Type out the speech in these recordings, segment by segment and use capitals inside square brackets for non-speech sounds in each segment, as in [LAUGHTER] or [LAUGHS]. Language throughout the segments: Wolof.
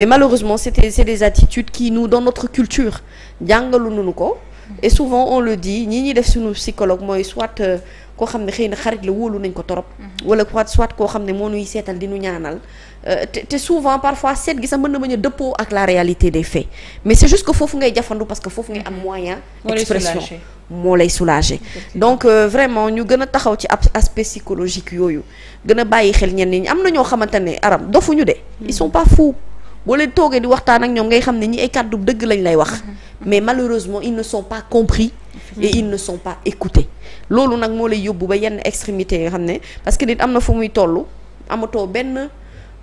mais malheureusement c'était c'est des attitudes qui nous dans notre culture jàngaluñu ko et souvent on le dit ñii ñuy def suñu psychologue mooy soit euh, koo xam ne xëy na xarit la wóolu nañ ko torop mm-hmm. wala soit koo xam ne moo nuy seetal di nu ñaanal euh, te te souvent parfois seet gi sax mën na bañ a dëppoo ak la réalité de faits mais c'est juste foofu ngay jafandu parce que foofu ngay am mm-hmm. moyen expression moo lay soulager donc euh, vraiment ñu gën a taxaw ci ab aspect psychologique yooyu gën a bàyyi xel ñenn ñi am na ñoo xamante ne aram dofuñu de boo leen toogee di waxtaan ak ñoom ngay xam ne ñi ay kàddu dëgg lañ lay wax mhm. mais malheureusement ils ne sont pas compris et ils ne sont pas écoutés loolu nag moo lay yóbbu ba yenn extrémité yoo xam ne parce que nit am na fu muy toll amatoo benn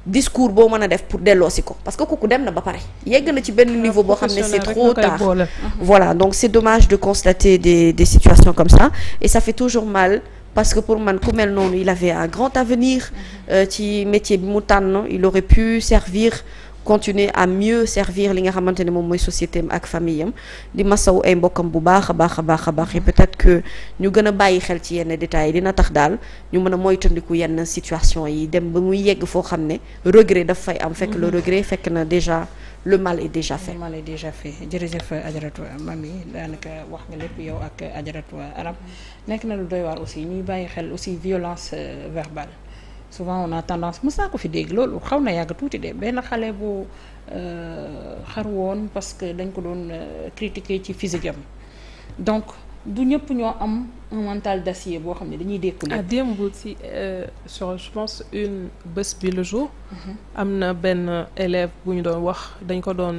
discours boo mën a def pour delloosi ko parce que kooku dem na ba pare yegg na ci benn niveau boo xam ne c'est trop tard mhm. voilà donc c'est dommage de constater des des situations comme ça et ça fait toujours mal parce que pour man ku mel noonu il avait un grand avenir mhm. euh, ci euh, mu tànn il aurait pu servir continuer à mieux servir li nga xamante ne moom mooy société ak famille am di ma masaw ay mbokkam bu baax a baax a baax a baax et mhm. peut-être que ñu gën a bàyyi xel ci yenn détails yi dina tax daal ñu mën a moytandiku yenn situation yi dem ba muy yegg foo xam ne regret daf fay am fekk le mhm. regret fekk na déjà le mal est déjà fait le mal est déjà fait jërëjëf ajaratu mami daanaka wax nga lépp yow ak ajaratu arab mhm. nekk na lu doy waar aussi ñuy bàyyi xel aussi violence euh, verbale souvent on a tendance mës naa ko fi dégg loolu xaw na yàgg tuuti de benn xale bu euh, xar woon parce que dañ ko doon euh, critiquer ci physique am donc du ñëpp ñoo am un mental d'acier boo xam ne dañuy dékk lépp. ah démb si euh, sur je pense une bés mm-hmm. am na benn élève bu ñu doon wax dañ ko doon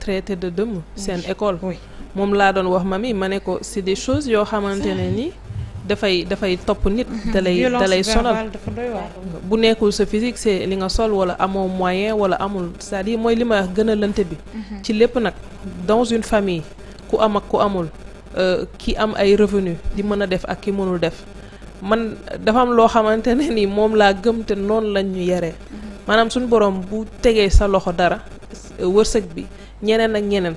traité de dëmm. seen école. moom laa doon wax ma mami ma ne ko c'est des choses yoo xamante ne nii. dafay dafay topp nit. Mhm. dalay dalay sonal bu nekkul sa physique c'est li nga sol wala amoo moyen wala amul cest à mooy li ma gën a lënt bi. Mhm. ci lépp nag dans une famille ku am ak ku amul euh, ki am ay revenu di mën a def ak ki mënul def man dafa am loo xamante ne ni moom laa gëm te noonu lañ ñu yaree. Mhm. maanaam suñu borom bu tegee sa loxo dara wërsëg bi ñeneen ak ñeneen.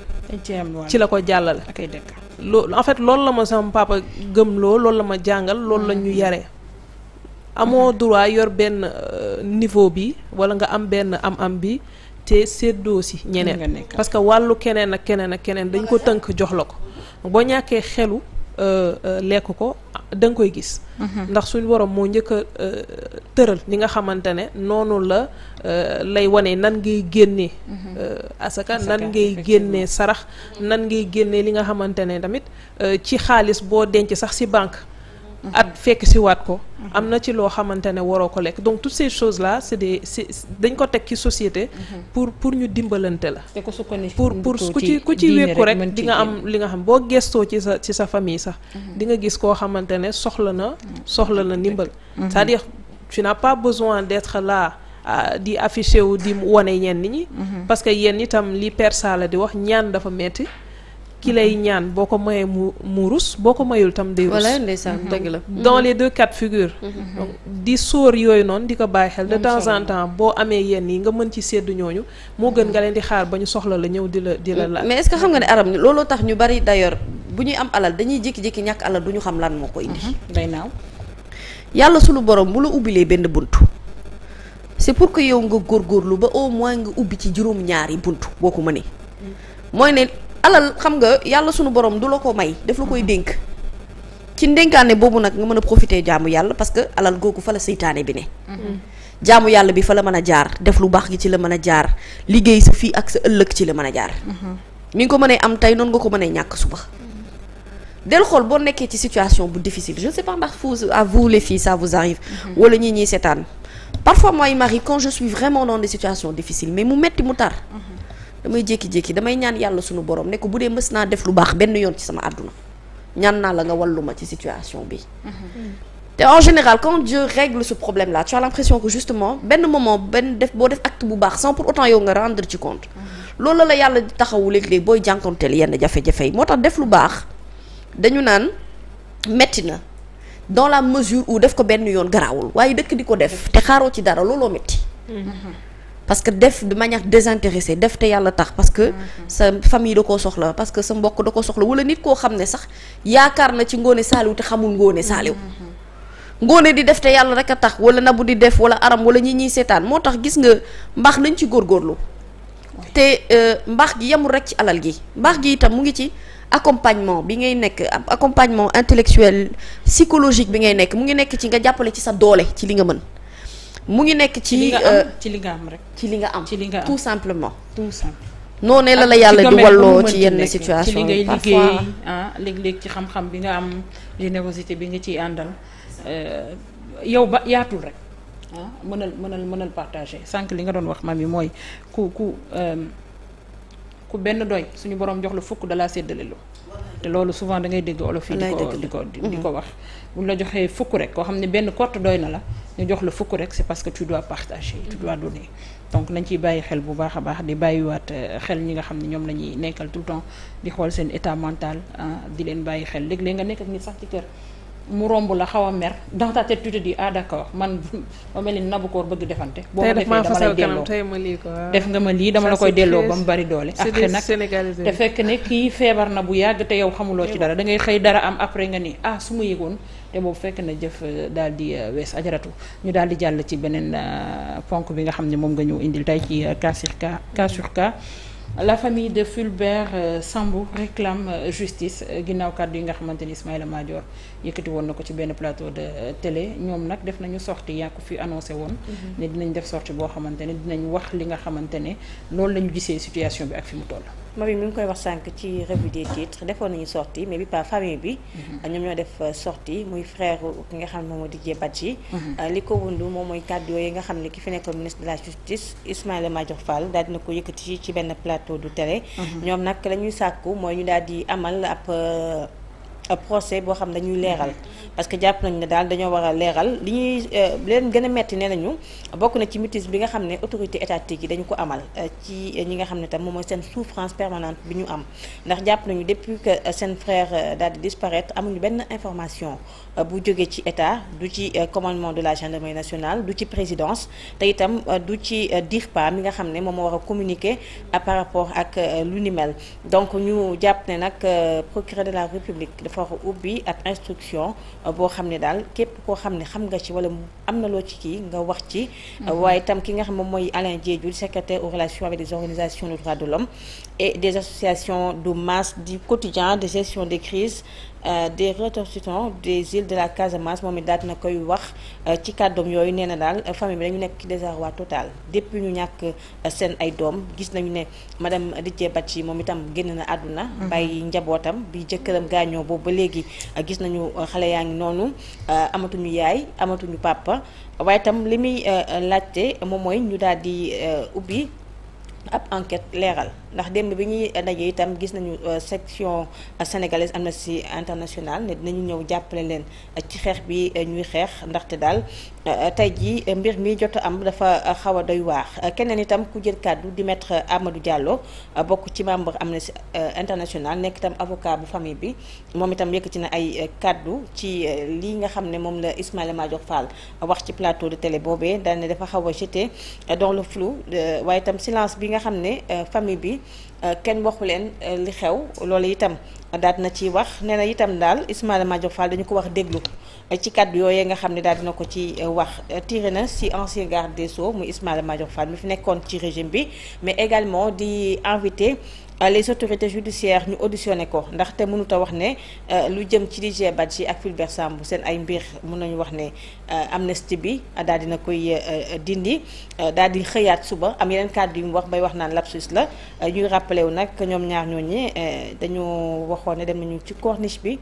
ci la ko jàllale. loo en fait loolu la ma sama papa gëmloo loolu la ma jàngal loolu la ñu hmm. yare amoo hmm. droit yor benn euh, niveau bi wala nga am benn am-am bi te séddoo si ñeneen parce que wàllu keneen ak keneen ak keneen dañ ko tënk jox la ko boo ñàkkee xelu euh, euh, lekk ko ah, da koy gis hmm. ndax suñu borom moo njëkk a tëral li nga xamante ne noonu la euh, lay wane nan ngay génnee mhm. euh, asaka nan ngay génnee sarax nan ngay génnee li nga xamante ne tamit euh, ci xaalis boo denc sax si banque mhm. at fekk si waat ko mhm. am na ci loo xamante ne waroo ko lekk donc toutes ces choses là c'est des c'est dañ ko teg ci société pour pour ñu dimbalante la pour pour ku ci ku ci wékku rek di nga am li nga xam boo gestoo ci sa ci sa famille sax di nga gis koo xamante ne soxla na soxla na ndimbal cest à tu n'as pas besoin d'être là di affiché wu di wane yenn ñi mhm. parce que yenn itam li Père Sala di wax ñaan dafa metti ki lay mhm. ñaan boo ko mayee mu mu boo ko mayul tam day rus mhm. dëgg la dans les deux cas de figure donc di sóor yooyu noonu di ko bàyyi xel de temps en temps boo amee yenn yi nga mën ci seddu ñooñu moo gën nga leen di xaar ba ñu soxla la ñëw di la di la mm. laaj mais est-ce que xam nga ne arab looloo tax ñu bari d'ailleurs bu ñuy am alal dañuy jékki-jékki ñàkk alal du ñu xam lan moo ko indi day naaw yàlla suñu borom bu la ubbilee benn buntu c'est pour que yow nga góorgóorlu ba au moins nga ubbi ci juróom-ñaari buntu boo ko mënee. mooy ne alal xam nga yàlla sunu borom du la ko may daf la koy dénk. ci ndénkaane boobu nag nga mën a profité jaamu yàlla parce que alal googu fa la seytaane bi ne. jaamu yàlla bi fa la mën a jaar def lu baax gi ci la mën a jaar liggéey sa fii ak sa ëllëg ci la mën a jaar. mi mhm. nga ko mënee am tey noonu nga ko mënee ñàkk suba. del xool boo nekkee ci situation bu difficile je ne sais pas ndax vous à vous les filles ça vous arrive mhm. wala ñi ñuy seetaan parfois moi il m'arrive quand je suis vraiment dans des situations difficiles mais mu metti mu tar mhm. damay jékki-jékki damay ñaan yàlla suñu borom nekk bu dee mës naa def lu baax benn yoon ci sama àdduna ñaan naa la nga wallu ma ci situation bi mhm. te en général quand Dieu règle ce problème là tu as l'impression que justement benn moment benn def boo def acte bu baa sans pour autant yow nga rendre ci compte loolu la yàlla taxawu léeg-léeg booy jànkonteel yenn jafe yi moo tax def lu baax dañu naan metti na dans la mesure où def ko benn yoon garaawul waaye dëkk di ko def te xaaroo ci dara looloo metti parce que def de manière désintéressée def te yàlla tax parce que sa famille da koo soxla parce que sa mbokk da ko soxla wala nit koo xam ne sax yaakaar na ci ngoone Saliou te xamul ngoone Saliou Ngoné di def te yàlla rek a tax wala Nabou di def wala Aram wala ñi ñuy seetaan moo tax gis nga mbaax nañ ci góor góorlu te euh, mbaax gi yemul rek ci alal gi mbaax gi itam mu ngi ci accompagnement bi ngay nekk accompagnement intellectuel psychologique bi ngay nekk mu ngi nekk ci nga jàppale ci sa doole ci li nga mën mu ngi nekk ci ci li nga am euh, rek ci li nga am tout simplement tout simplement noonee la la yàlla di walloo ci yenn situation ci li ngay liggéey ah léeg-léeg ci xam-xam bi nga am générosité bi nga ciy àndal euh, yow ba yaatul rek ah mënal mënal mënal partager sànq li nga doon wax maam yi mooy ku ku euh, ku benn doy suñu borom jox la fukk da laa séddalelu te loolu souvent da ngay dégg olof yi di ko di ko di mm-hmm. ko wax buñ la joxee fukk rek koo xam ne benn kott doy na la ñu jox la fukk rek c'est parce que tu dois partager tu dois donner donc nañ ciy bàyyi xel bu baax a baax di bàyyiwaat euh, xel ñi nga xam ne ñoom la ñuy nekkal tout temps di xool seen état mental ah, di leen bàyyi xel léeg-léeg nga nekk ak sax ci kër mu romb la xaw a mer dans ta tête tu te dis ah d'accord man [LAUGHS] ma mel ni nabu bëgg defante. boo ma defee dama lay delloo def nga ma lii dama la koy delloo ba mu bari doole. ak nag te fekk ne kii feebar na bu yàgg te yow xamuloo ci dara dangay xëy dara am après nga ni ah su ma yëgoon te boobu fekk na jëf euh, daal di euh, wees ajaratu ñu daal di jàll ci beneen euh, ponk bi nga xam ne moom nga ñëw indil tey ci cas sur cas cas la famille de Fulbert euh, Sambou réclame euh, justice euh, ginnaaw kàddu yi nga xamante ni Ismaïla Madior yëkkati woon na ko ci benn plateau de télé ñoom nag def nañu sortie yaa ko fi annoncé woon. Mhm. ne dinañ def sortie boo xamante ne dinañ wax li nga xamante ne loolu la gisee situation bi ak fi mu toll. Maby mi ngi koy wax sànq ci revue des titres defoon nañu sortie mais bi par famille bi. Mhm. ñoom ñoo def euh, sortie muy frère ki nga xam ne moom mooy Didier Badji. Mhm. Euh, li ko wundu moom mooy kàddu yooyu nga xam ne ki fi nekkoon ministre de la justice Ismaïla Madior Fall daal dina ko yëkkati ci benn plateau du télé. Mhm. ñoom nag la ñuy sàkku mooy ñu daal di amal ab. Euh, procès boo xam ne dañuy leeral parce que jàpp nañ ne daal dañoo war a leeral li ñuy euh, leen gën a metti nee nañu bokk na ci mutisme bi nga xam ne autorité étatique yi dañu ko amal euh, ci ñi nga xam ne tam moom mooy seen souffrance permanente bi ñu am ndax jàpp nañu depuis que euh, seen frère daal di disparaître amuñu benn information bu jógee ci état du ci commandement de la gendarmerie nationale du ci présidence te itam du ci DIRPA mi nga xam ne moom moo war a communiquer par rapport ak lu ni mel donc ñu jàpp ne nag procureur de la république dafa ubbi ak instruction euh, boo xam ne daal képp koo xam ne xam nga ci wala am na loo ci kii nga wax ci mhm. waaye tam ki nga xam moom mooy Alain Diédhiou secrétaire aux relations avec les organisations de droits de l'homme et des associations de masse du quotidien de gestion des crises Euh, des ressortissants des îles de la Casamance moom it daal na koy wax euh, ci kàddoom yooyu nee na daal euh, famille bi dañu nekk ci désarroi total depuis ñu ñàkk seen ay doom gis nañu ne madame Didier Badji moom itam génn na àdduna mhm. bàyyi njabootam bi jëkkëram gaañoo boobu ba léegi gis nañu xale yaa ngi noonu amatuñu yaay amatuñu papa waaye itam li muy laajte moom mooy ñu daal di ubbi ab enquete leeral ndax démb bi ñuy daje itam gis nañu euh, section euh, sénégalaise Amnesty International ne dinañu ñëw jàppale leen euh, ci xeex bi ñuy xeex ndaxte daal tey jii mbir mi jot am dafa xaw a doy waax keneen itam ku jël kàddu di maître Amadou Diallo bokk ci membre Amnesty International nekk itam avocat bu famille bi moom itam yëkkati na ay kàddu ci lii nga xam ne moom la Ismaïla Madior Fall wax ci plateau de télé boobee daal ne dafa xaw a jeté le flou yi nga xam ne euh, famille bi euh, kenn waxu leen euh, li xew loolu itam daal na ci wax nee na itam daal Ismaïla Madior Fall dañu ko wax déglu ci kàddu yooyee nga xam ne daal dina ko ci wax tiré na si ancien garde des Sceaux muy Ismaïla Madior Fall mi fi nekkoon ci régime bi mais également di invité les autorités judiciaires ñu auditionné ko ndaxte mënut a wax ne euh, lu jëm ci DG Badji ak Fulbert Sambou seen ay mbir mun nañu wax ne euh, amnistie bi euh, daal dina koy dindi daal di xëyaat suba am yeneen kàddu yu mu wax bay wax naan lapsus la ñuy rappelé wu nag ñoom ñaar ñooñi dañu waxoon ne dem nañu ci corniche bi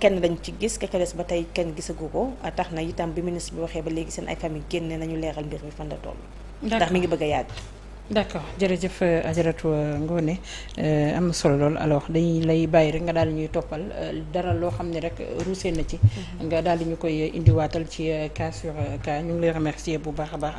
kenn dañu ci gis keke des ba tey kenn gisagu ko tax na itam bi ministre bi waxee ba léegi seen ay famille génne nañu leeral mbir mi fan la toll ndax mi ngi bëgg a yàgg d'accord jërëjëf euh, ajaratu euh, Ngoné euh, am solo lool alors dañuy lay bàyyi rek nga daal di ñuy toppal dara loo xam ne rek ruusee na ci. Mm-hmm. nga daal di ñu koy indiwaatal ci cas sur cas ñu ngi lay remercier bu baax a baax.